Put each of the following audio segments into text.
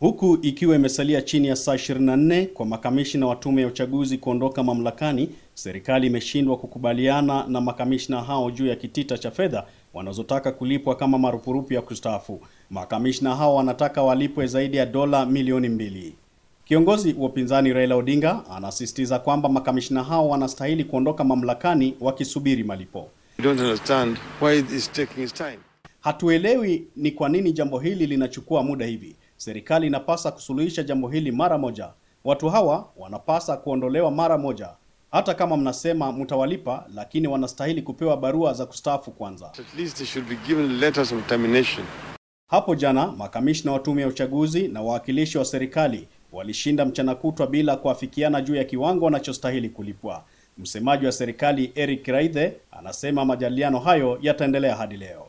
huku ikiwa imesalia chini ya saa 24 kwa makamishina wa tume ya uchaguzi kuondoka mamlakani, serikali imeshindwa kukubaliana na makamishna hao juu ya kitita cha fedha wanazotaka kulipwa kama marupurupu ya kustaafu. Makamishna hao wanataka walipwe zaidi ya dola milioni mbili. Kiongozi wa upinzani Raila Odinga anasisitiza kwamba makamishina hao wanastahili kuondoka mamlakani wakisubiri malipo. Hatuelewi ni kwa nini jambo hili linachukua muda hivi. Serikali inapasa kusuluhisha jambo hili mara moja. Watu hawa wanapasa kuondolewa mara moja. Hata kama mnasema mtawalipa, lakini wanastahili kupewa barua za kustaafu kwanza. At least they should be given letters of termination. Hapo jana makamishna wa tume ya uchaguzi na wawakilishi wa serikali walishinda mchana kutwa bila kuafikiana juu ya kiwango wanachostahili kulipwa. Msemaji wa serikali Eric Raithe anasema majadiliano hayo yataendelea hadi leo.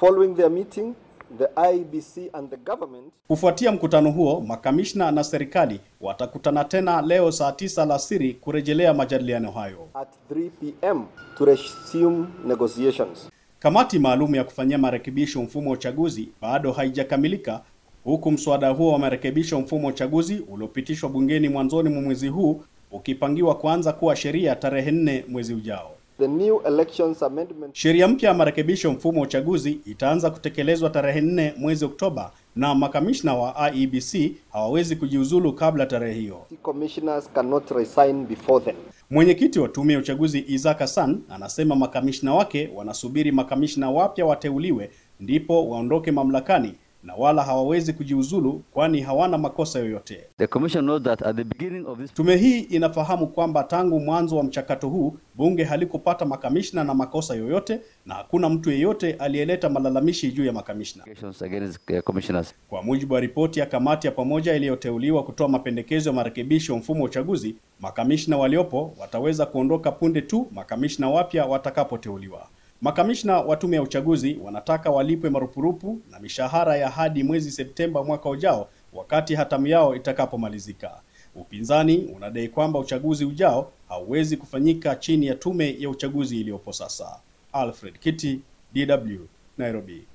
Following their meeting The IBC and the government. Kufuatia mkutano huo, makamishna na serikali watakutana tena leo saa tisa alasiri kurejelea majadiliano hayo. At 3 pm to resume negotiations. Kamati maalum ya kufanyia marekebisho mfumo wa uchaguzi bado haijakamilika huku mswada huo wa marekebisho mfumo wa uchaguzi uliopitishwa bungeni mwanzoni mwa mwezi huu ukipangiwa kuanza kuwa sheria tarehe nne mwezi ujao. The new elections amendment. Sheria mpya ya marekebisho mfumo wa uchaguzi itaanza kutekelezwa tarehe nne mwezi Oktoba na makamishna wa IEBC hawawezi kujiuzulu kabla tarehe hiyo. Commissioners cannot resign before then. Mwenyekiti wa tume ya uchaguzi Isaac Hassan anasema makamishna wake wanasubiri makamishna wapya wateuliwe ndipo waondoke mamlakani na wala hawawezi kujiuzulu kwani hawana makosa yoyote. The commission knows that at the beginning of this... Tume hii inafahamu kwamba tangu mwanzo wa mchakato huu bunge halikupata makamishna na makosa yoyote na hakuna mtu yeyote aliyeleta malalamishi juu ya makamishna. Uh, Kwa mujibu wa ripoti ya kamati ya pamoja iliyoteuliwa kutoa mapendekezo ya marekebisho mfumo wa uchaguzi, makamishna waliopo wataweza kuondoka punde tu makamishna wapya watakapoteuliwa. Makamishna wa tume ya uchaguzi wanataka walipwe marupurupu na mishahara ya hadi mwezi Septemba mwaka ujao wakati hatamu yao itakapomalizika. Upinzani unadai kwamba uchaguzi ujao hauwezi kufanyika chini ya tume ya uchaguzi iliyopo sasa. Alfred Kiti, DW, Nairobi.